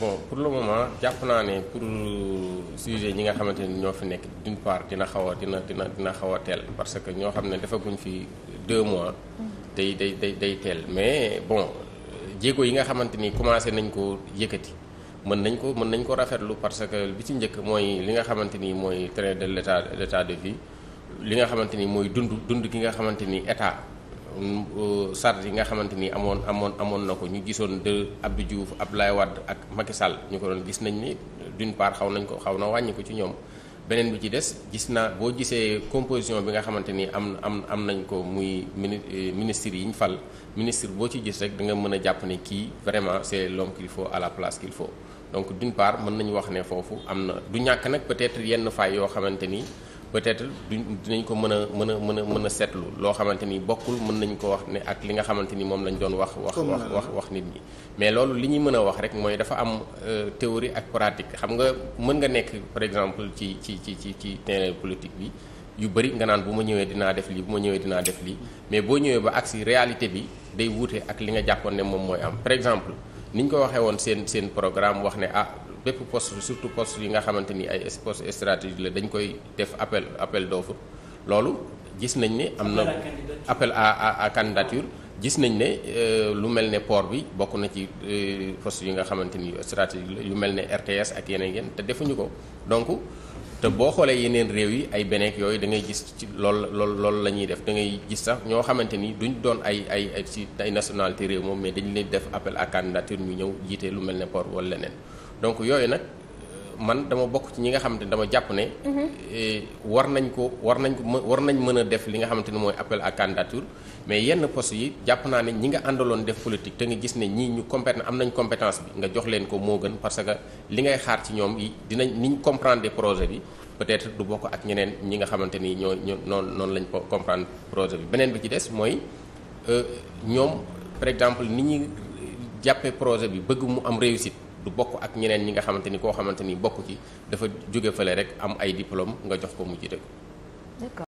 bon pour le moment jàpp naa ne pour sujet ñi nga xamante ni ñoo fi nekk d'une part dina xaw a dina dina dina xaw a teel parce que ñoo xam ne defaguñ fi deux mois. day day day day teel mais bon jéego yi nga xamante ni commencé nañ ko yëkkati mën nañ ko mën nañ ko rafetlu parce que bi ci njëkk mooy li nga xamante ni mooy train de l'état l'état de vie li nga xamante ni mooy dund dund ki nga xamante ni état. sart euh, yi nga xamante ni amoon amoon amoon na ko ñu gisoon de Abdou Diouf Abdoulaye Wade ak Macky Sall ñu ko doon gis nañ ni d'une part xaw nañ ko xaw na wàññi ko ci ñoom beneen bi ci des gis naa boo gisee composition bi nga xamante ni am am am nañ ko muy mini euh, ministre yi ñu fal ministre boo ci gis rek da nga mën a jàpp ne kii vraiment c'est l'homme qu'il faut à la place qu'il faut donc d'une part mën nañu wax ne foofu am na du ñàkk nag peut-être yenn faay yoo xamante ni. peut-être duñ dinañ ko mën a mën a mën a mën a seetlu loo xamante ni bokkul mën nañ ko wax ne ak li nga xamante ni moom lañ doon wax wax wax wax wax nit ñi mais loolu li ñuy mën a wax rek mooy dafa am euh, théorie ak pratique xam nga mën nga nekk par exemple ci ci ci ci ci terrain politique bi yu bëri nga naan bu ma ñëwee dinaa def lii bu ma ñëwee dinaa def lii mais boo ñëwee ba agsi réalité bi day wuute ak li nga jàppoon ne moom mooy am par exemple ni ñu ko waxee woon seen seen programme wax ne ah bépp post surtout post yi nga xamante ni ay poste stratégique la dañu koy def appel appel doofu loolu gis nañ ni am na appel à à à candidature gis nañ ne euh, lu mel ne port bi bokk na ci euh, poste yi nga xamante ni stratégie yu mel ne RTS ak yeneen yeneen te defuñu ko donc te boo xoolee yeneen réew yi ay beneek yooyu da ngay gis ci lool lool loolu la ñuy def da ngay gis sax ñoo xamante ni duñ doon ay ay ay ci ay nationalité réew moom mais dañu leen def appel à candidature ñu ñëw jiite lu mel ne port wala leneen donc yooyu nag man dama bokk ci ñi nga xamante ne dama jàpp ne. Eh, war nañ ko war nañ ko war nañ mën a def li nga xamante ne mooy appel à candidature mais yenn post yi jàpp naa ne ñi nga àndaloon def politique te nga gis ne ñii ñu compétent am nañ compétence bi nga jox leen ko moo gën parce que li ngay xaar ci ñoom yi dinañ niñ comprendre projet bi. peut-être du bokk ak ñeneen ñi nga xamante ni ñoo ñoo noonu noonu lañ ko comprendre projet bi beneen bi ci des mooy euh, ñoom par exemple ni ñuy jàppee projet bi bëgg mu am réussit du bokk ak ñeneen ñi nga xamante ni koo xamante ni bokk ci dafa jóge fale rek am ay diplôme nga jox ko mu jiite ko